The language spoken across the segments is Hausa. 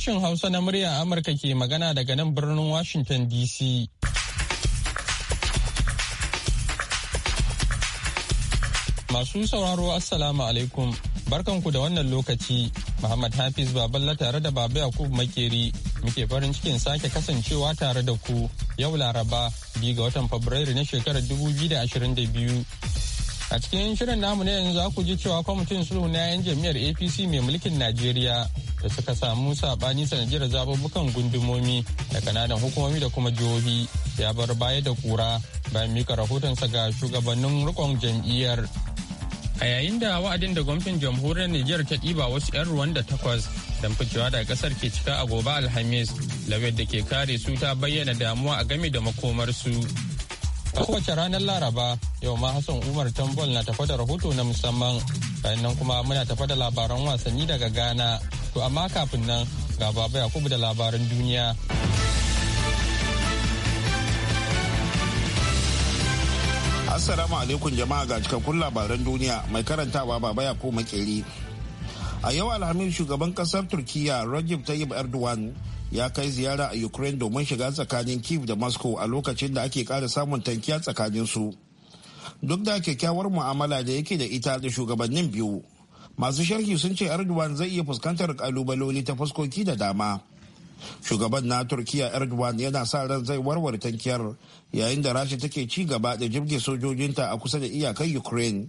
Sashen Hausa na murya Amurka ke magana daga nan birnin Washington DC. Masu sauraro Assalamu alaikum. Barkanku da wannan lokaci. Muhammad Hafiz Baballa tare da Baba Yakub Makeri muke farin cikin sake kasancewa tare da ku yau Laraba biyu ga watan Fabrairu na shekarar 2022. A cikin shirin namu ne yanzu za ji cewa kwamitin sulhu na 'yan jam'iyyar APC mai mulkin Najeriya da suka samu sabani sanadiyar zababbukan gundumomi da kananan hukumomi da kuma jihohi ya bar baya da kura bayan mika rahotonsa ga shugabannin rikon jam'iyyar. A yayin da wa'adin da gwamnatin jamhuriyar Nijar ta ɗiba wasu 'yan ruwan da takwas don ficewa daga ƙasar ke cika a gobe Alhamis, lawyer da ke kare su ta bayyana damuwa a game da makomarsu. su. kowace ranar Laraba yau ma Hassan Umar Tambol na tafa da rahoto na musamman. Bayan nan kuma muna tafa da labaran wasanni daga Ghana. To amma kafin nan ga Baba Yakubu da labaran duniya. Assalamu alaikum jama'a ga cikakkun labaran duniya mai karantawa Baba Yakubu Makeri. A yau Alhamis shugaban kasar Turkiyya Recep Tayyip Erdogan ya kai ziyara a ukraine domin shiga tsakanin kiev da moscow a lokacin da ake kara samun tankiya tsakanin su duk da kyakkyawar mu'amala da yake da ita da shugabannin biyu masu sharhi sun ce erdogan zai iya fuskantar kalubaloli ta fuskoki da dama shugaban na turkiya erdogan yana sa ran zai warware tankiyar yayin da rasha take ci gaba da jirgin sojojinta a kusa da iyakar ukraine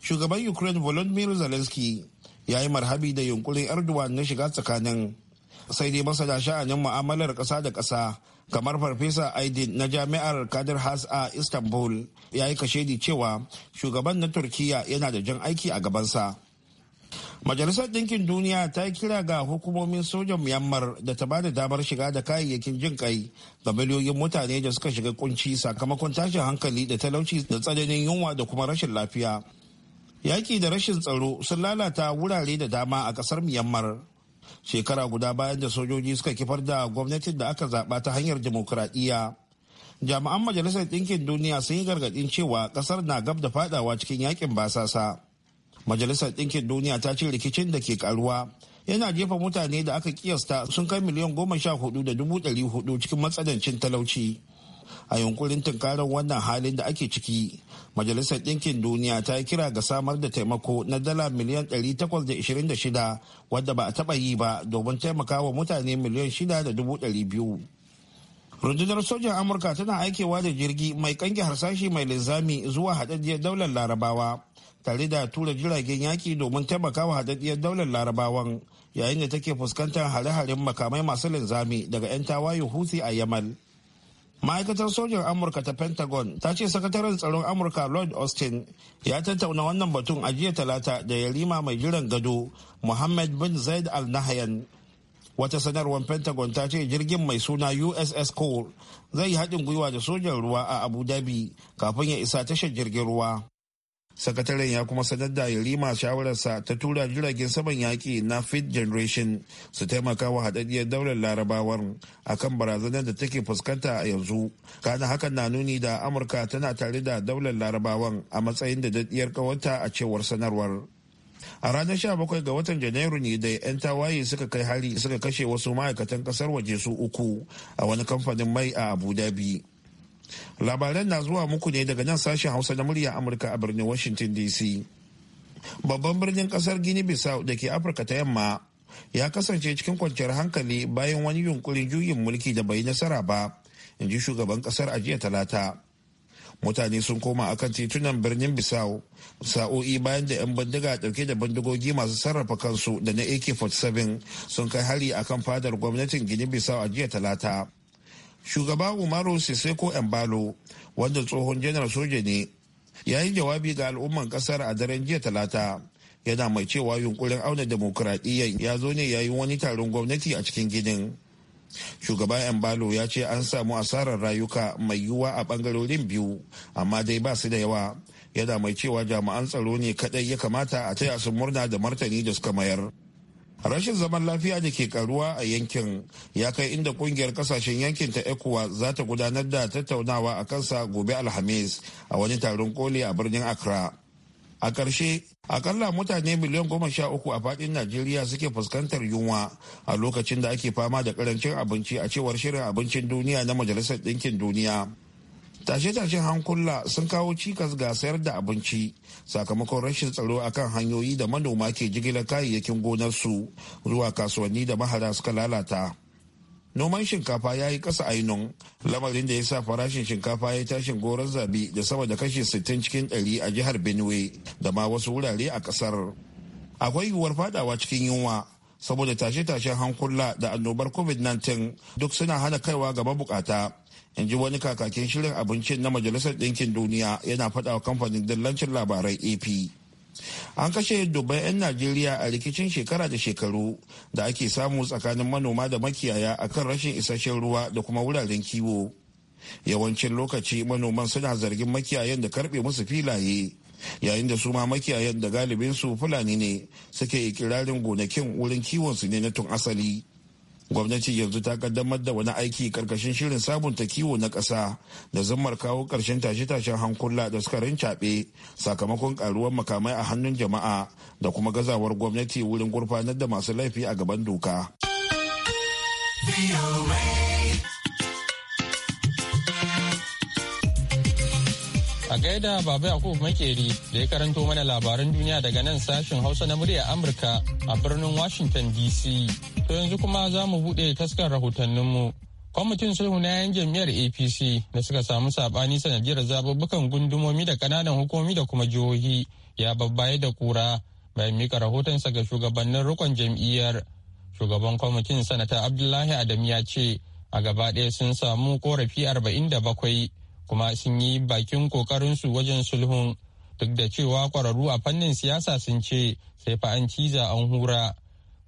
shugaban ukraine volodymyr zelensky ya yi marhabi da yunkurin erdogan na shiga tsakanin sai dai masana sha'anin mu'amalar ƙasa da ƙasa kamar farfesa aidin na jami'ar kadir has a istanbul ya yi kashedi cewa shugaban na turkiya yana da jan aiki a gabansa majalisar ɗinkin duniya ta yi kira ga hukumomin sojan myanmar da ta ba da damar shiga da kayayyakin jin kai ga miliyoyin mutane da suka shiga kunci sakamakon tashin hankali da talauci da tsananin yunwa da kuma rashin lafiya yaki da rashin tsaro sun lalata wurare da dama a ƙasar myanmar shekara guda bayan da sojoji suka kifar da gwamnatin da aka zaɓa ta hanyar demokuraɗiyya jami'an majalisar ɗinkin duniya sun yi gargaɗin cewa ƙasar na gab da fadawa cikin yakin basasa majalisar ɗinkin duniya ta ce rikicin da ke karuwa yana jefa mutane da aka kiyasta sun kai miliyan goma sha hudu da dubu ɗari hudu cikin matsanancin talauci a yunkurin tunkarar wannan halin da ake ciki majalisar ɗinkin duniya ta yi kira ga samar da taimako na dala miliyan 826 wadda ba a taɓa yi ba domin taimaka wa mutane miliyan 6.200 rundunar sojan amurka tana aikewa da jirgi mai kange harsashi mai linzami zuwa haɗaɗɗiyar daular larabawa tare da tura jiragen yaki domin taimakawa haɗaɗɗiyar daular larabawan yayin da take fuskantar hare-haren makamai masu linzami daga 'yan tawaye husi a yamal ma'aikatar sojan amurka ta pentagon ta ce sakataren tsaron amurka lord austin ya tattauna wannan batun a jiya talata da yarima mai jiran gado muhammad bin zaid al nahyan wata sanarwar pentagon ta ce jirgin mai suna uss cole zai haɗin gwiwa da sojan ruwa a abu dhabi kafin ya isa tashar jirgin ruwa sakataren ya kuma sanar da yarima shawararsa ta tura jiragen saman yaƙi na fit generation su taimaka wa haɗaɗɗiyar daular larabawar kan barazanar da take fuskanta a yanzu kana hakan na nuni da amurka tana tare da daular larabawan a matsayin da daɗiyar ƙawarta a cewar sanarwar a ranar 17 ga watan janairu ne da 'yan tawaye suka kai hari suka kashe wasu ma'aikatan kasar waje su uku a wani kamfanin mai a abu dhabi labaran na zuwa muku ne daga nan sashen hausa na murya amurka a birnin washington dc babban birnin kasar gini bissau da ke afirka ta yamma ya kasance cikin kwanciyar hankali bayan wani yunkurin juyin mulki da bai nasara ba in ji shugaban kasar a jiya talata mutane sun koma akan titunan birnin bissau sa'o'i bayan da 'yan bindiga dauke da bindigogi masu sarrafa kansu da na ak-47 sun kai hari akan fadar gwamnatin gini bissau a jiya talata shugaba umaru siseko embalo wanda tsohon janar soja ne ya yi jawabi ga al'umman kasar a daren jiya talata yana mai cewa yunkurin auna demokuraɗiyyar ya zo ne yayin wani taron gwamnati a cikin ginin shugaba embalo ya ce an samu asarar rayuka mai yiwuwa a bangarorin biyu amma dai ba su da yawa yana mai cewa jami'an tsaro ne kadai ya kamata a taya su murna da martani da suka mayar rashin zaman lafiya da ke karuwa a yankin ya kai inda kungiyar kasashen yankin ta ecowa za ta gudanar da tattaunawa a kansa gobe alhamis a wani taron koli a birnin accra a ƙarshe akalla mutane miliyan goma sha uku a faɗin najeriya suke fuskantar yunwa a lokacin da ake fama da ƙarancin abinci a cewar shirin abincin duniya na majalisar ɗinkin duniya tashe-tashen hankula sun kawo cikas ga sayar da abinci sakamakon rashin tsaro a kan hanyoyi da manoma ke jigilar kayayyakin gonarsu zuwa kasuwanni da mahara suka lalata noman shinkafa ya yi ƙasa ainun lamarin da ya sa farashin shinkafa ya tashin goron zabi da sama da kashi 60 cikin 100 a jihar benue da ma wasu wurare a ƙasar akwai yiwuwar fadawa cikin yunwa saboda tashe-tashen hankula da annobar covid-19 duk suna hana kaiwa gaba bukata in ji wani kakakin shirin abincin na majalisar ɗinkin duniya yana faɗa wa kamfanin dillancin labarai ap an kashe dubban 'yan najeriya a rikicin shekara da shekaru da ake samu tsakanin manoma da makiyaya a kan rashin isasshen ruwa da kuma wuraren kiwo yawancin lokaci manoman suna zargin makiyayan da karbe musu filaye yayin da su ma makiyayan da galibinsu fulani ne suke ikirarin gonakin wurin kiwonsu ne na tun asali gwamnati yanzu ta kaddamar da wani aiki karkashin shirin sabunta kiwo na ƙasa da zammar kawo ƙarshen tashe-tashen hankula da suka rincaɓe sakamakon ƙaruwar makamai a hannun jama'a da kuma gazawar gwamnati wurin gurfanar da masu laifi a gaban doka. A gaida Baba Yakubu Makeri da ya karanto mana labaran duniya daga nan sashen Hausa na murya Amurka a birnin Washington DC. To yanzu kuma za mu buɗe taskar rahotanninmu. Kwamitin sulhu na yan jam'iyyar APC da suka samu saɓani sanadiyar zababbukan gundumomi da ƙananan hukumomi da kuma jihohi ya babbaye da kura bayan mika rahotonsa ga shugabannin rikon jam'iyyar. Shugaban kwamitin sanata Abdullahi Adam ya ce a gaba ɗaya sun samu korafi arba'in da bakwai. kuma sun yi bakin ƙoƙarinsu wajen sulhun duk da cewa kwararru a fannin siyasa sun ce sai fa an ciza an hura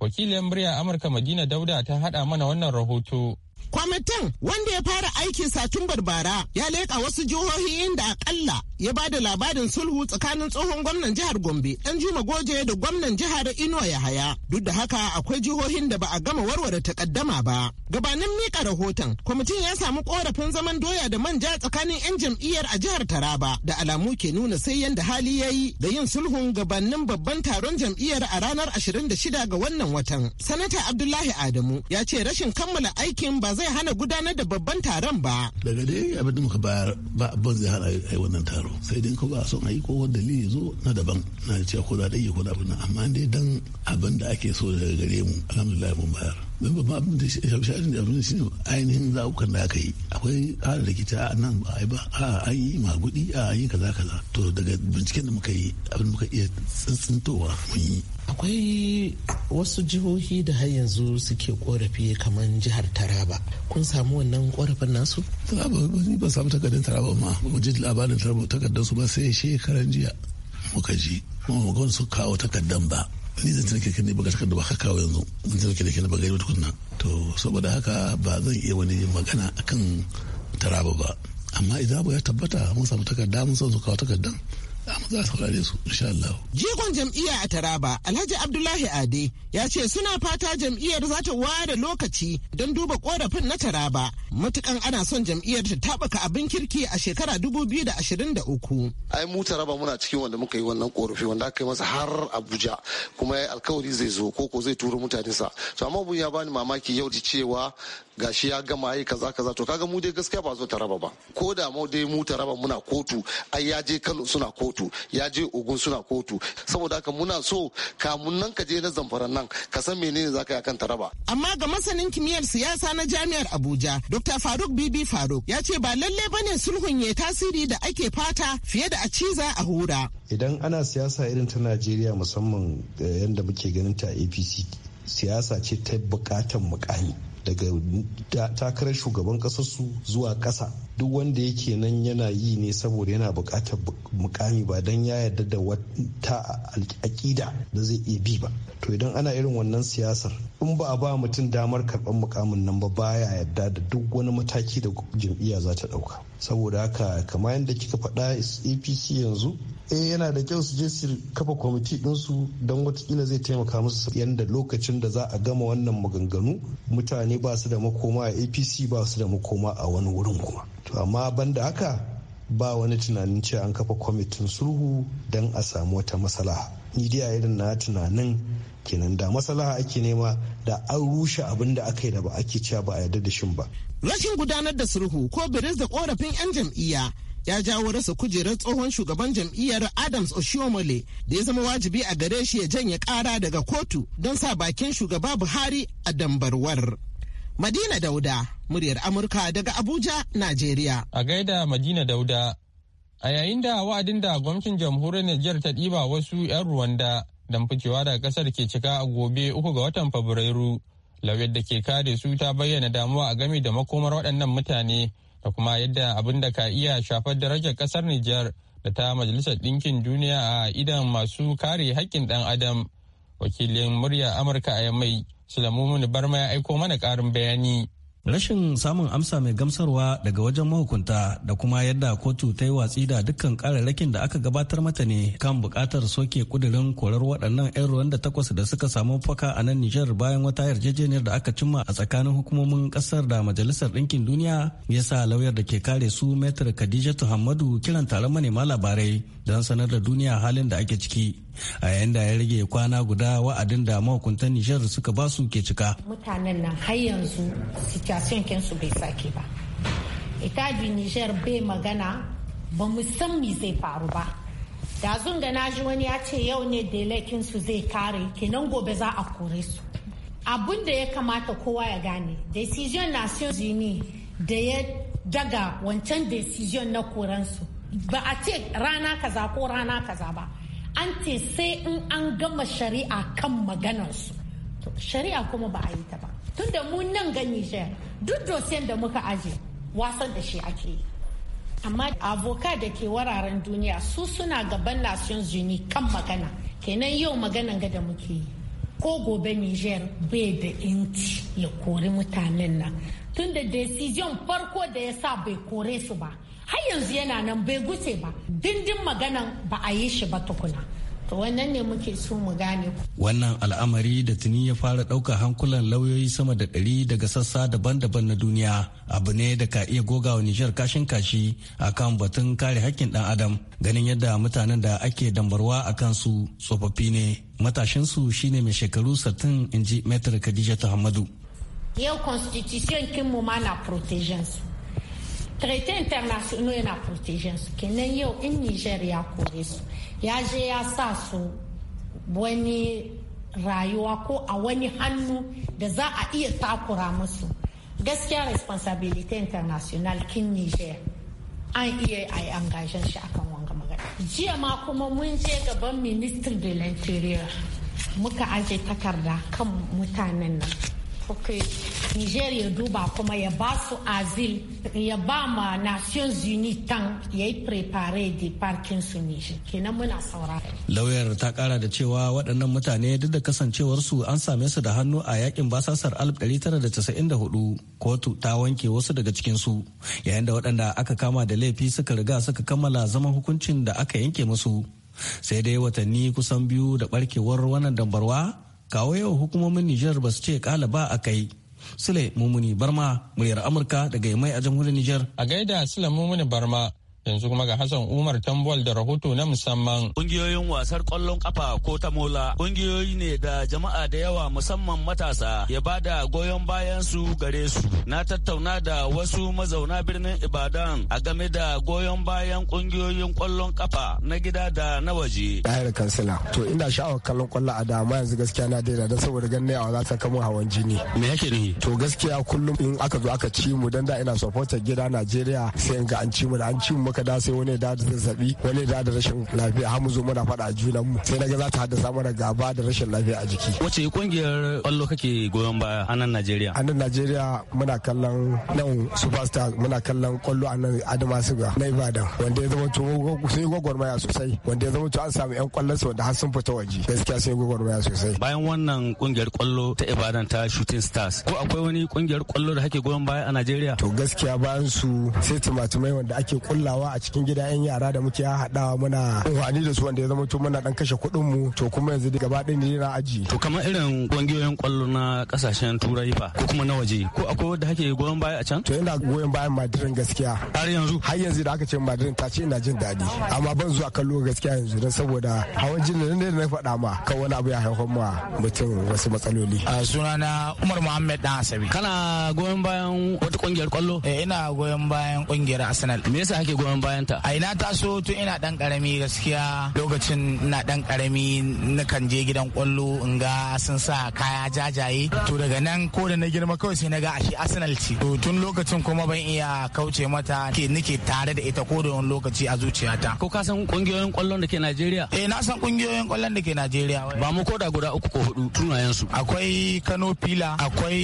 wakilin murya amurka madina dauda ta haɗa mana wannan rahoto Kwamitin wanda ya fara aikin Satumbar bara ya leƙa wasu jihohi inda akalla ya ba da labarin sulhu tsakanin tsohon gwamnan jihar Gombe ɗan Juma Goje da gwamnan jihar Inuwa haya. Duk da haka akwai jihohin da ba a gama warware takaddama ba. Gabanin mika rahoton, kwamitin ya samu korafin zaman doya da manja tsakanin 'yan jam'iyyar a jihar Taraba da alamu ke nuna sai yanda hali ya yi da yin sulhun gabanin babban taron jam'iyyar a ranar 26 ga wannan watan. Sanata Abdullahi Adamu ya ce rashin kammala aikin ba ba zai hana gudanar da babban taron ba. Daga dai abin da muka bayar ba abin zai hana a yi wannan taro. Sai dai ko ba son a yi ko wanda dalili zo na daban. Na cewa ko da ɗaya ko da abin amma dai dan abin da ake so daga gare mu alhamdulillah mun bayar. don ba abin da ainihin zaɓukan da aka yi akwai ƙara rikita a nan ba a yi ba a an yi magudi a an yi kaza kaza to daga binciken da muka yi abin muka iya tsintsintowa mun yi akwai wasu jihohi da har yanzu suke korafi kamar jihar taraba kun samu wannan korafin nasu taraba ni ba samu takardar taraba ma mu ji labarin taraba takardar su ba sai shekaran jiya muka ji kuma mu su kawo takardar ba ni zan tarke ka ne ba ka da ba ka yanzu mun tarke da ke ba gari tukunna to saboda haka ba zan iya wani magana akan taraba ba amma idan ba ya tabbata mun samu takarda mun san su kawo takardan za mu saurare su insha Allah. Jigon jam'iyya a Taraba Alhaji Abdullahi Ade ya ce suna fata jam'iyyar za ta ware lokaci don duba korafin na Taraba matukan ana son jam'iyyar ta tabaka abin kirki a shekara 2023. Ai mu Taraba muna cikin wanda muka yi wannan korafi wanda aka yi masa har Abuja kuma ya alkawari zai zo ko ko zai turo mutanen To amma abun ya bani mamaki yau cewa gashi ya gama yi kaza kaza to kaga mu dai gaskiya ba zo ta raba ba ko da mu dai mu ta raba muna kotu ai ya je Kano suna kotu ya je Ogun suna kotu saboda haka muna so kamun nan ka je na zamfaran nan ka san menene zaka yi akan ta raba amma ga masanin kimiyyar siyasa na jami'ar Abuja Dr Faruk Bibi Faruk ya ce ba lalle bane sulhun ya tasiri da ake fata fiye da a ciza a hura idan ana siyasa irin ta Najeriya musamman eh, yadda muke ganin ta APC siyasa ce ta bukatan mukami daga takarar shugaban kasarsu zuwa kasa duk wanda yake nan yana yi ne saboda yana buƙatar mukami ba don ya yarda da wata aƙida da zai iya bi ba to idan ana irin wannan siyasar in ba a ba mutum damar karɓar mukamin nan ba baya yarda da duk wani mataki da jam'iyya za ta ɗauka saboda haka kamar yadda kika faɗa apc yanzu eh yana da kyau su je su kafa kwamiti ɗinsu don watakila zai taimaka musu yadda lokacin da za a gama wannan maganganu mutane ba su da makoma a apc ba su da makoma a wani wurin kuma to amma banda haka ba wani tunanin cewa an kafa kwamitin sulhu don a samu wata masala ni dai a irin na tunanin kenan da masalaha ake nema da an rushe abin da aka yi da ba ake cewa ba a yarda da shin ba rashin gudanar da sulhu ko biris da korafin 'yan jam'iyya ya jawo rasa kujerar tsohon shugaban jam'iyyar adams oshiomole da ya zama wajibi a gare shi ya janye kara daga kotu don sa bakin shugaba buhari a dambarwar madina dauda muryar amurka daga abuja najeriya a gaida madina dauda a yayin da wa'adin da gwamnatin jamhuriyar niger ta ɗiba wasu 'yan ruwanda don ficewa da ƙasar ke cika a gobe uku ga watan fabrairu lauyar da ke kare su ta bayyana damuwa a game da makomar waɗannan mutane da kuma yadda abin da ka iya shafar darajar kasar Nijar da ta Majalisar Ɗinkin Duniya a idan masu kare haƙƙin ɗan Adam. Wakilin murya Amurka a yammai Sulaimu Barma ya aiko mana ƙarin bayani. rashin samun amsa mai gamsarwa daga wajen mahukunta da kuma yadda kotu ta yi watsi da dukkan kararrakin da aka gabatar mata ne kan buƙatar soke kudirin korar waɗannan 'yan ruwan da takwas da suka samu faka a nan nijar bayan wata yarjejeniyar da aka cimma a tsakanin hukumomin ƙasar da majalisar ɗinkin duniya ya sa lauyar da ke kare su metar khadijatu hamadu kiran taron manema labarai don sanar da duniya halin da ake ciki a yayin da ya rage kwana guda wa'adin da mahukuntan Nijar suka ba su ke cika. Mutanen nan har yanzu situation kinsu bai sake ba. Itaji Nijar bai magana ba mu san me zai faru ba. Da zunga na ji wani ya ce yau ne delekin su zai kare kenan gobe za a kore su. Abun da ya kamata kowa ya gane, Decision Nations Unie da ya daga wancan decision na koransu ba a ce rana kaza ko rana kaza ba. an ce sai in an gama shari'a kan maganarsu shari'a kuma ba a yi ta ba tun da mu nan gani nijar duk dosiyan da muka aje wasan da shi ake yi amma abokan da ke wararen duniya su suna gaban nations unis kan magana kenan yau maganan ga da muke yi ko gobe niger bai da inci ya kori mutanen nan tun da decision farko da ya sa bai kore su ba har yanzu yana nan bai guce ba dindin maganan ba a yi shi ba tukuna wannan ne muke so mu gane wannan al'amari da tuni ya fara ɗaukar hankulan lauyoyi sama da ɗari daga sassa daban-daban na duniya abu ne da ka iya goga wa nijar kashin kashi a kan batun kare haƙƙin ɗan adam ganin yadda mutanen da ake dambarwa a kansu tsofaffi ne matashinsu shine mai shekaru satin inji metar khadija hamadu yau constitution kinmu ma na protection su traité internationaux yana protection su kenan yau in nijar ya kore su ya je ya sa su wani rayuwa ko a wani hannu da za a iya takura musu gaskiya responsibility international kin niger an iya a yi angajen shi akan wanga magana jiya ma kuma mun je gaban minister de l'interior muka aje takarda kan mutanen nan niger ya duba kuma ya ba su azil ya ba ma nations unis tan ya yi prepare da parkin su niger kenan muna saura lauyar ta kara da cewa waɗannan mutane duk da kasancewarsu an same su da hannu a yakin basasar 1994 kotu ta wanke wasu daga cikin su yayin da waɗanda aka kama da laifi suka riga suka kammala zaman hukuncin da aka yanke musu sai dai watanni kusan biyu da barkewar wannan dambarwa kawo yau hukumomin Nijar ba su ce ba a kai. Sule Mumuni Barma, muryar Amurka daga Yamai a jamhuriyar Nijar. A gaida Sule Mumuni Barma, yanzu kuma ga Hassan Umar Tambol da rahoto na musamman. Kungiyoyin wasar kwallon kafa ko ta mola kungiyoyi ne da jama'a da yawa musamman matasa ya bada goyon bayan su gare su. Na tattauna da wasu mazauna birnin Ibadan a game da goyon bayan kungiyoyin kwallon kafa na gida da na waje. Dahir kansila to ina sha'awar kallon kwallo a dama yanzu gaskiya na daina don saboda ganin yawa za ta kama hawan jini. Me yake ne? To gaskiya kullum in aka zo aka ci mu dan da ina supporter gida Najeriya sai in ga an ci mu da an ci mu muka da sai wani da da zazzabi wani da da rashin lafiya har mu zo muna faɗa junan mu sai naga za ta haddasa mana gaba da rashin lafiya a jiki wace kungiyar kwallo kake goyon baya a nan Najeriya a nan Najeriya muna kallon nan superstar muna kallon kwallo a nan Adama Suga na Ibadan wanda ya zama to sai gwagwarmaya sosai wanda ya zama to an samu yan kwallon wanda har sun fita waje gaskiya sai gwagwarmaya sosai bayan wannan kungiyar kwallo ta Ibadan ta Shooting Stars ko akwai wani kungiyar kwallo da kake goyon baya a Najeriya to gaskiya bayan su sai tumatumai wanda ake kullawa a cikin gida yan yara da muke haɗawa muna amfani da su wanda ya zama to muna dan kashe kuɗin mu to kuma yanzu da gaba ɗin na aji to kamar irin kungiyoyin kwallo na kasashen turai fa ko kuma na waje ko akwai wanda hake goyon baya a can to yana goyon bayan madirin gaskiya har yanzu har yanzu da aka ce madirin ta ce ina jin daɗi amma ban zuwa kallo gaskiya yanzu dan saboda hawan jin ne da na faɗa ma Ka wani abu ya haifar ma mutum wasu matsaloli a sunana umar muhammad dan asabi kana goyon bayan wata kungiyar kwallo eh ina goyon bayan kungiyar arsenal me yasa hake goyon goman bayan ta a ina taso tun ina dan karami gaskiya lokacin ina dan karami nakan je gidan kwallo in ga sun sa kaya jajaye to daga nan ko da na girma kawai sai na ga ashe Arsenal ce to tun lokacin kuma ban iya kauce mata ke nake tare da ita ko da wani lokaci a zuciyata ko ka san kungiyoyin kwallon da ke Najeriya eh na san kungiyoyin kwallon da ke Najeriya ba mu koda guda uku ko hudu tunayen su akwai Kano Pila akwai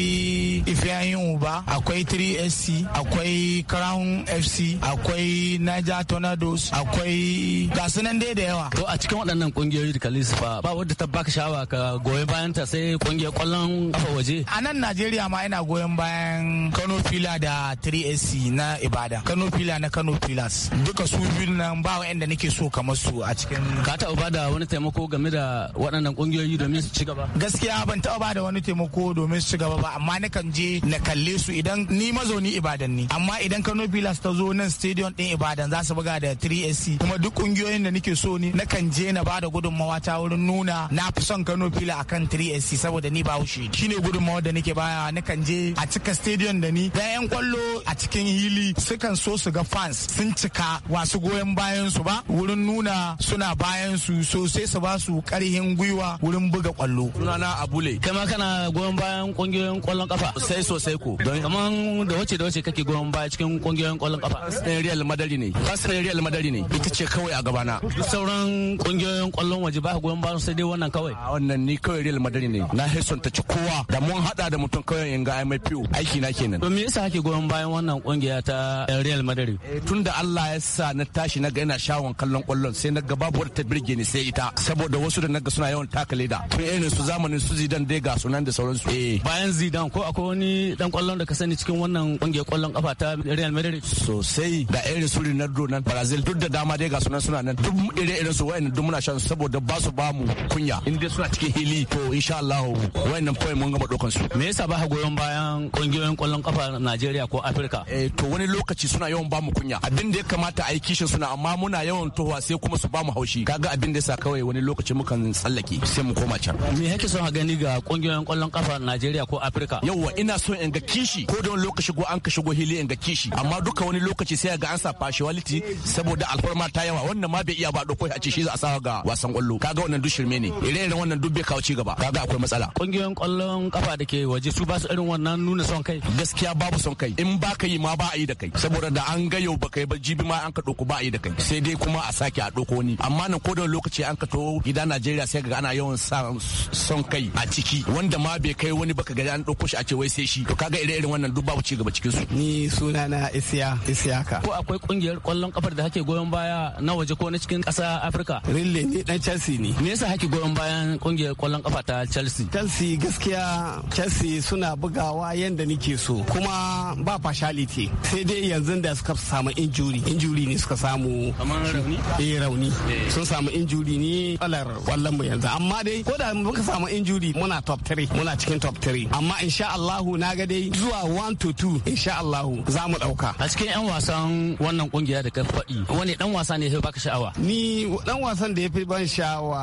Ifeanyi Uba akwai 3SC akwai Crown FC akwai Niger Tornadoes, akwai gasu nan dai da yawa. To a cikin waɗannan ƙungiyoyi da Kalisu ba ba wadda ta baka shawa ka goyi bayan ta sai ƙungiyar ƙwallon kafa waje. A nan Najeriya ma ina goyon bayan Kano Fila da 3AC na Ibadan. Kano Fila na Kano filas. Duka su biyu nan ba wa'anda nake so kamar su a cikin. Ka taɓa ba da wani taimako game da waɗannan ƙungiyoyi domin su ci gaba? Gaskiya ban taɓa ba da wani taimako domin su ci gaba ba amma nakan je na kalle su idan ni mazauni Ibadan ne amma idan Kano filas ta zo nan stadium ɗin Ibadan Ibadan za su buga da 3SC kuma duk kungiyoyin da nake so ne na kan je na bada gudunmawa ta wurin nuna na fi son Kano fila akan 3SC saboda ni ba shi shine gudunmawa da nake baya na kan je a cika stadium da ni da yan kwallo a cikin hili sukan so su ga fans sun cika wasu goyon bayan su ba wurin nuna suna bayan su so sai su ba su karhin gwiwa wurin buga kwallo sunana Abule kama kana goyon bayan kungiyoyin kwallon kafa sai sosai ko don kaman da wace da wace kake goyon baya cikin kungiyoyin kwallon kafa Real Madrid madari ne arsenal real madari ne ita ce kawai a gabana sauran kungiyoyin kwallon waje ba goyon bayan sai dai wannan kawai wannan ni kawai real madari ne na hison ta ci kowa da mun hada da mutum kawai in ga mfu aiki na kenan to me yasa kake goyon bayan wannan kungiya ta real madari eh, tun da Allah ya sa na tashi na ga ina shawon kallon kwallon sai na ga babu ta birge ni sai ita saboda wasu da naga suna yawan taka leda to irin su zamanin su zidan dai ga sunan da su eh bayan zidan ko akwai wani dan kwallon da ka sani cikin wannan kungiyar kwallon kafa ta Real madari sosai da irin su Republic na Donan Brazil duk da dama dai ga sunan suna nan duk ire irin su wayannan duk muna shan saboda ba su ba mu kunya in dai suna cikin hili to insha Allah wayannan point mun gama dokan su me yasa ba goyon bayan kungiyoyin kwallon kafa Najeriya ko Africa eh to wani lokaci suna yawan ba mu kunya abin da ya kamata a yi kishin suna amma muna yawan tohuwa sai kuma su ba mu haushi kaga abin da yasa kawai wani lokaci mukan tsallake sai mu koma can me yake son a gani ga kungiyoyin kwallon kafa Najeriya ko Africa yawa ina so in ga kishi ko don lokaci go an ka shigo hili in ga kishi amma duka wani lokaci sai ga an sa shawaliti saboda alfarma ta yawa wannan ma bai iya ba dokoi a ce shi za a sawa ga wasan kwallo kaga wannan duk shirme ne ire-iren wannan duk bai kawo ci gaba kaga akwai matsala kungiyoyin kwallon kafa da ke waje su ba su irin wannan nuna son kai gaskiya babu son kai in ba ka yi ma ba a yi da kai saboda da an ga yau ba kai ba jibi ma an ka doko ba a yi da kai sai dai kuma a sake a doko ni amma nan ko da lokaci an ka to gida Najeriya sai ga ana yawan son kai a ciki wanda ma bai kai wani baka gari an doko shi a ce wai sai shi to kaga ire-iren wannan duk babu ci gaba cikin su ni sunana Isiya ka ko akwai kungiyar kwallon kafar da hake goyon baya na waje ko na cikin kasa Afirka? Rille ne dan Chelsea ne. Me yasa hake goyon bayan kungiyar kwallon kafa ta Chelsea? Chelsea gaskiya Chelsea suna bugawa yanda nake so kuma ba fashalite sai dai yanzu da suka samu injuri injuri ne suka samu kamar rauni eh rauni eh. sun samu injuri ne alar kwallon mu yanzu amma dai ko da muka samu injuri muna top 3 muna cikin top 3 amma insha Allah na ga dai zuwa 1 to 2 insha Allah za mu dauka a cikin yan wasan wannan kungiya da ka faɗi wani dan wasa ne ya baka sha'awa ni dan wasan da ya fi ban sha'awa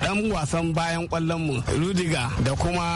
dan wasan bayan kwallon mu Rudiga da kuma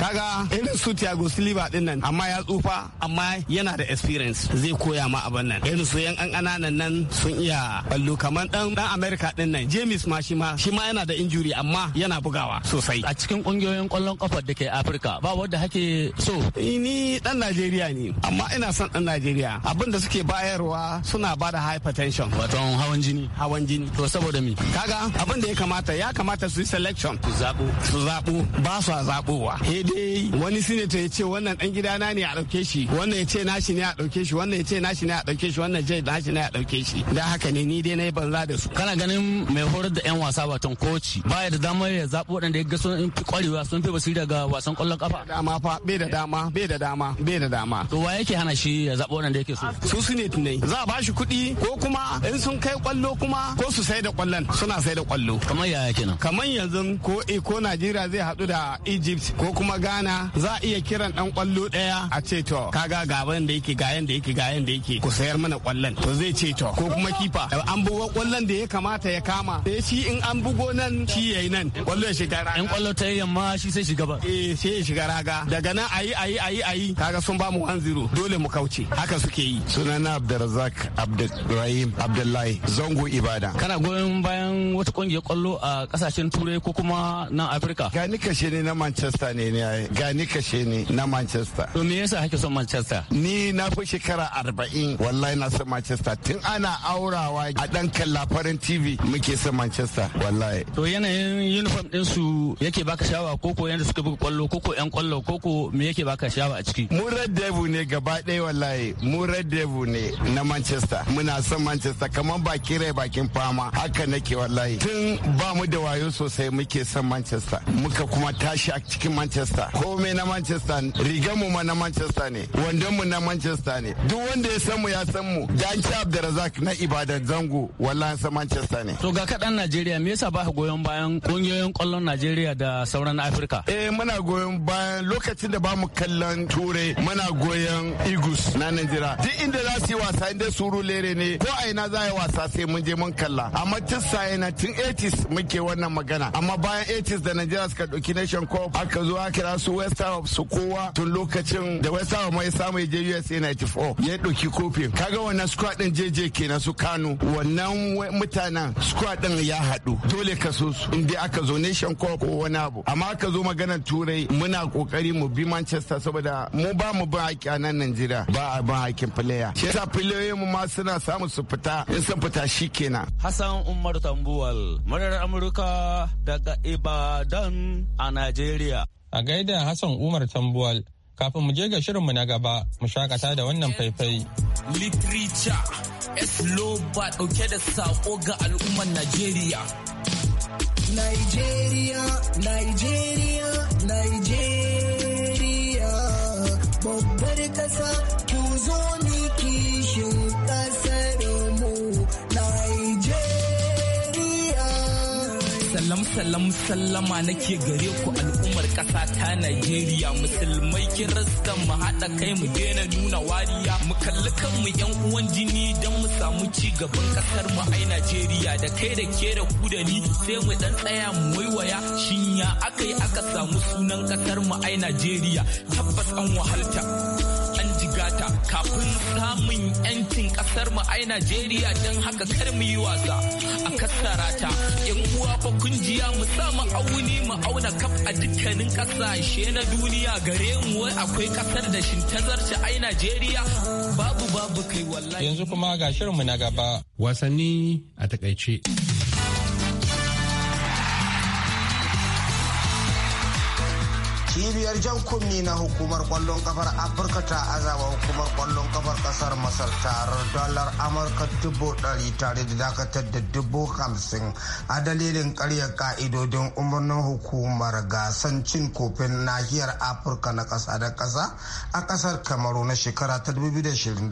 kaga irin su Thiago Silva din nan amma ya tsufa amma yana da experience zai koya ma abin nan irin su yan an ƙananan nan sun iya ballo kamar dan dan America din nan James ma shi ma shi ma yana da injury amma yana bugawa sosai a cikin kungiyoyin kwallon kafa da ke Afirka ba wanda hake so eh, ni dan Najeriya ne amma ina son dan Najeriya abin da suke bayarwa suna ba da hypertension wato hawan jini hawan jini to saboda mi kaga abin da ya kamata ya kamata su yi selection su zabo su zabo ba su zabowa he dai wani senator ya ce wannan dan na ne a dauke shi wannan ya ce nashi ne a dauke shi wannan ya ce nashi ne a dauke shi wannan jai nashi ne a dauke shi da haka ne ni dai na yi banza da su kana ganin mai horar da yan wasa wato koci baya da damar ya zabo waɗanda ya ga sun fi kwarewa sun fi basira ga wasan kwallon kafa dama fa bai da dama bai da dama bai da dama to wa yake hana shi ya zabo waɗanda yake so su su ne tunai za ba bashi kuɗi ko kuma in sun kai kwallo kuma ko su sai da kwallon suna sai da kwallo kamar yaya kenan kamar yanzu ko eh, ko Najeriya zai haɗu da Egypt ko kuma Ghana za a iya kiran dan kwallo ɗaya a ce to kaga ban da yake ga yanda yake ga yanda yake ku sayar mana kwallon to zai ce to ko kuma kifa an bugo kwallon da ya kamata ya kama sai eh, shi in an bugo nan shi yayi nan kwallo ya shiga raga in kwallo ta yamma shi sai shiga ba eh sai ya shiga raga daga nan ayi ayi ayi ayi kaga sun ba mu 1-0 dole mu kauce haka suke yi sunana Abdulrazak Abdulrahim Abdullahi Zango Ibada. Kana goyon bayan wata kungiyar kwallo a kasashen Turai ko kuma na Afirka? Gani kashe ne na Manchester ne ne gani kashe ne na Manchester. To me yasa kake son Manchester? Ni na fi shekara arba'in wallahi na son Manchester tun ana aurawa a dan kalla farin TV muke son Manchester wallahi. To yanayin uniform din su yake baka shawa ko ko yanda suka buga kwallo ko ko yan kwallo ko ko me yake baka shawa a ciki? Mu Red Devil ne gaba ɗaya wallahi mu Red Devil ne na Manchester manchester muna son manchester kamar baki rai bakin fama haka nake wallahi tun ba mu da wayo sosai muke son manchester muka kuma tashi a cikin manchester komai na manchester rigar mu ma na manchester ne wandon mu na manchester ne duk wanda ya san mu ya san mu da an ci abdulrazak na ibadan zango wallahi san manchester ne to ga kadan najeriya me yasa ba goyon bayan kungiyoyin kwallon najeriya da sauran afirka eh muna goyon bayan lokacin da ba mu kallon turai muna goyon igus na najeriya duk inda za su yi wasa inda su zuru lere ne ko a ina za yi wasa sai mun je mun kalla amma tun sa ina tun 80s muke wannan magana amma bayan 80s da Najeriya suka ɗauki Nation Cup aka zo aka kira su West Ham su kowa tun lokacin da West Ham mai samu je USA 94 ya ɗauki kofin kaga wannan squad din JJ kenan su Kano wannan mutanen squad din ya haɗu dole ka so su inda aka zo Nation Cup ko wani abu amma aka zo maganar Turai muna kokari mu bi Manchester saboda mu ba mu ba a nan Najeriya ba a ba haƙƙin player shi yasa player mu dama suna samun su fita in sun fita kenan. Hassan Umar Tambuwal murar Amurka daga Ibadan a Najeriya a gaida Hassan Umar Tambuwal kafin mu je ga shirinmu na gaba mu shakata da wannan faifai literature esloba dauke da sako ga al'ummar Najeriya Nigeria, Nigeria, Nigeria, babbar salam sallama nake gare ku al'ummar ƙasa ta Najeriya musulmai kin rasta mu haɗa kai mu daina nuna wariya mu kalli kanmu yan uwan jini don mu samu ci gaban ƙasar mu ai Najeriya da kai da ke da ku da ni sai mu dan tsaya mu waiwaya Shin shinya akai aka samu sunan ƙasar mu ai Najeriya tabbas an wahalta kafin samun yancin kasar mu ai Najeriya don haka kar mu yi wasa a kassara ta yan uwa fa kunjiya mu sa ma'auni auni mu auna kaf a dukkanin kasashe na duniya gare mu wai akwai kasar da shintazarta ai Najeriya babu babu kai wallahi yanzu kuma ga mu na gaba wasanni a takaice cibiyar jan kunni na hukumar kwallon kafar afirka ta azaba hukumar kwallon kafar kasar masar tarar dalar amurka dubu dari tare da dakatar da dubu hamsin a dalilin karya ka'idodin umarnin hukumar gasan cin kofin nahiyar afirka na kasa da kasa a ƙasar kamaru na shekara ta 2021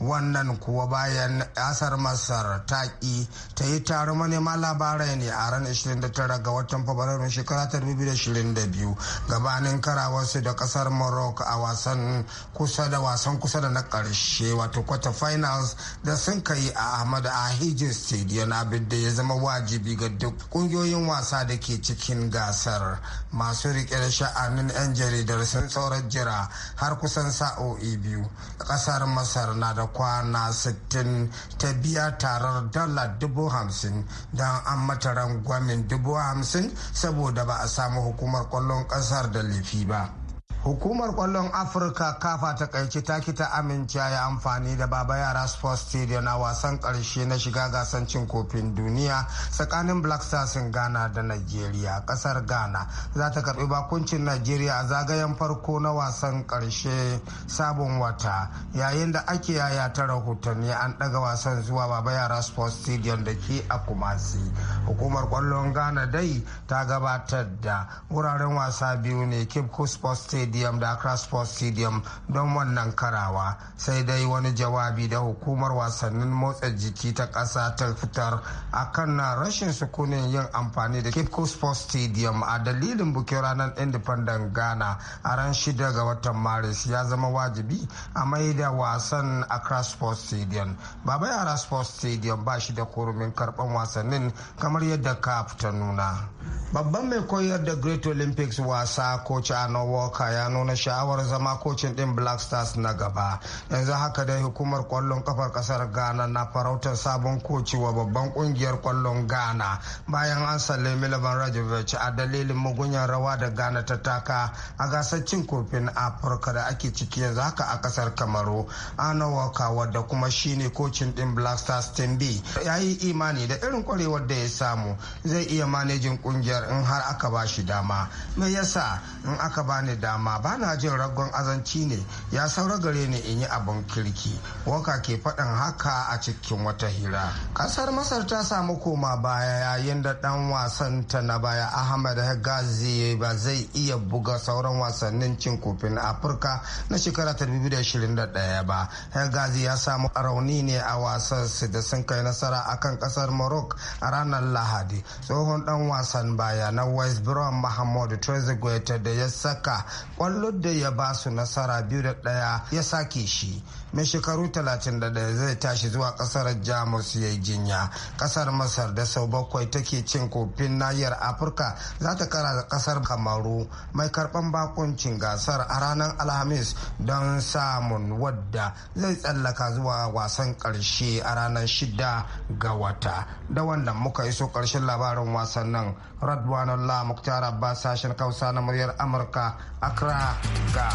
wannan kuwa bayan ƙasar masar ta taƙi ta yi taron manema labarai ne a ranar 29 ga watan fabrairu shekara ta 2022 gabanin wasu da kasar morocco a wasan kusa da wasan kusa da na karshe wato quarter finals da sun kai a ahmad ahiji stadium abin da ya zama wajibi ga duk kungiyoyin wasa da ke cikin gasar masu rike da sha'anin 'yan jaridar sun tsorar jira har kusan sa'o'i biyu kasar masar na da kwana 60 ta biya tarar dala dubu hamsin don an mata rangwamin dubu hamsin saboda ba a samu hukumar kwallon kasa kasar da laifi ba hukumar kwallon afirka kafa ta kaici ta kita amince ya amfani da baba yara sports stadium a wasan karshe na shiga gasan cin kofin duniya tsakanin black stars ghana da nigeria kasar ghana za ta karbi bakuncin nigeria a zagayen farko na wasan karshe sabon wata yayin da ake yaya ta rahotanni an daga wasan zuwa baba yara sports stadium da ke a kumasi hukumar kwallon ghana dai ta gabatar da wuraren wasa biyu ne cape stadium stadium da accra sports stadium don wannan karawa sai dai wani jawabi da hukumar wasannin motsa jiki ta ƙasa ta fitar a kan na rashin sukunin yin amfani da cape sports stadium a dalilin bukin ranar independent ghana a ran shida ga watan maris ya zama wajibi a mai da wasan accra sports stadium baba yara sports stadium ba shi da kurumin karban wasannin kamar yadda ka ta nuna babban mai koyar da great olympics wasa coach ano walker ya nuna sha'awar zama kocin din black stars na gaba yanzu haka dai hukumar kwallon kafar kasar ghana na farautar sabon koci wa babban kungiyar kwallon ghana bayan an sallami laban rajovic a dalilin mugunyar rawa da ghana ta taka a gasar cin kofin afirka da ake ciki yanzu haka a kasar kamaru ana waka wadda kuma shine kocin din black stars team b ya yi imani da irin kwarewar da ya samu zai iya manejin kungiyar in har aka ba shi dama me yasa in aka bani dama amma ba na jin ragon azanci ne ya saura gare ni in yi abin kirki waka ke faɗin haka a cikin wata hira ƙasar masar ta samu koma baya yayin da ɗan wasan ta na baya ahmad gazi ba zai iya buga sauran wasannin cin kofin afirka na shekara ta 2021 ba gazi ya samu rauni ne a wasan su da sun kai nasara akan ƙasar morocco a ranar lahadi tsohon ɗan wasan baya na west brom mahammadu trezeguet da ya saka kwallon da ya ba su nasara biyu da ɗaya ya sake shi mai shekaru 31 zai tashi zuwa kasar jamus ya jinya kasar masar da sau bakwai take cin kofin nahiyar afirka za ta kara da kasar kamaru mai karban bakuncin gasar a ranar alhamis don samun wadda zai tsallaka zuwa wasan karshe a ranar shida ga wata da wannan muka iso karshen labarin wasannin radwanullah muktar abbas sashen kausa na muryar amurka accra Accra,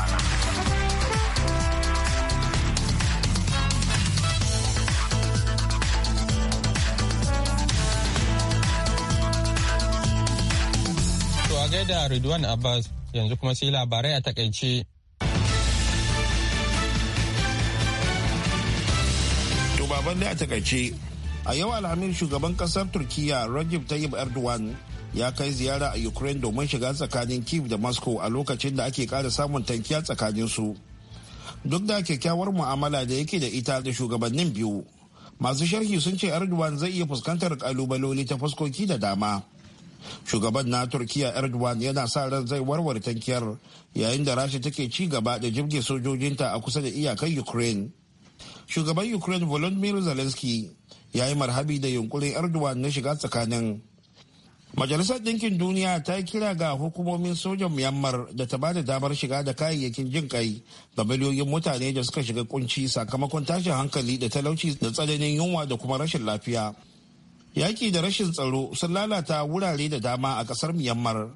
To a gaida Ridwan Abbas yanzu kuma sai labarai a takaice. To baban da a takaice. A yau alhamis shugaban kasar Turkiyya Rajiv Tayyip Erdogan ya kai ziyara a ukraine domin shiga tsakanin kiev da moscow a lokacin da ake kara samun tankiya tsakanin su duk da kyakkyawar mu'amala da yake da ita da shugabannin biyu masu sharhi sun ce erdogan zai iya fuskantar kalubaloli ta fuskoki da dama shugaban na turkiya erdogan yana sa ran zai warware tankiyar yayin da rasha take ci gaba da jirgin sojojinta a kusa da iyakar ukraine shugaban ukraine volodymyr zelensky ya yi marhabi da yunkurin erdogan na shiga tsakanin Majalisar Ɗinkin Duniya ta kira ga hukumomin sojan Myanmar da ta bada damar shiga da kayayyakin jin kai ga miliyoyin mutane da suka shiga kunci sakamakon tashin hankali da talauci da tsananin yunwa da kuma rashin lafiya. Yaki da rashin tsaro sun lalata wurare da dama a ƙasar Myanmar.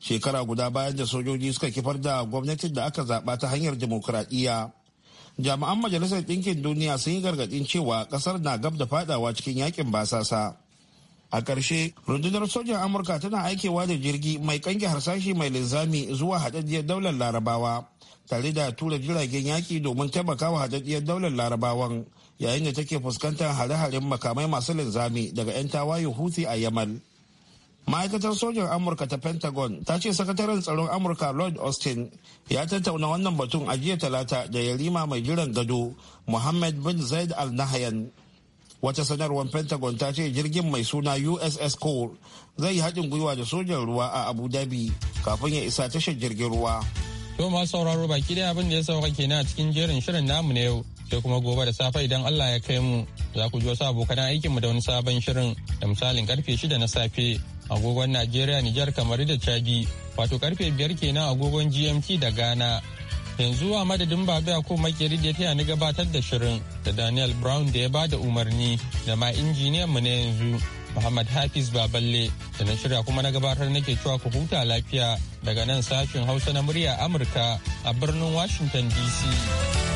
Shekara guda bayan da sojoji suka kifar da gwamnatin da aka zaɓa ta hanyar dimokuraɗiyya. Jami'an Majalisar Ɗinkin Duniya sun yi gargaɗin cewa ƙasar na gab da faɗawa cikin yakin basasa. a ƙarshe rundunar sojan amurka tana aikewa da jirgi mai kange harsashi mai linzami zuwa haɗaɗɗiyar daular larabawa tare da tura jiragen yaƙi domin taimakawa haɗaɗɗiyar daular larabawan yayin da take fuskantar hare-haren makamai masu linzami daga 'yan tawayen huthi a yamal ma'aikatar sojan amurka ta pentagon ta ce sakataren tsaron amurka lloyd austin ya tattauna wannan batun a jiya talata da yarima mai jiran gado muhammad bin zaid al-nahyan wata sanarwar pentagon ta ce jirgin mai suna uss cole zai yi haɗin gwiwa da sojan ruwa a abu dhabi kafin ya isa tashar jirgin ruwa to masu sauraro baki da abin da ya sauka kenan a cikin jerin shirin namu na yau sai kuma gobe da safe idan allah ya kai mu za ku ji wasu abokan aikin mu da wani sabon shirin da misalin karfe shida na safe agogon najeriya nijar kamar da chadi wato karfe biyar kenan agogon gmt da ghana yanzu a madadin babu ko makeri da ta ni gabatar da shirin da daniel brown da ya bada umarni da ma injiniyan mu na yanzu muhammad hafiz baballe da na shirya kuma na gabatar nake cewa ku huta lafiya daga nan sashen hausa na murya amurka a birnin washington dc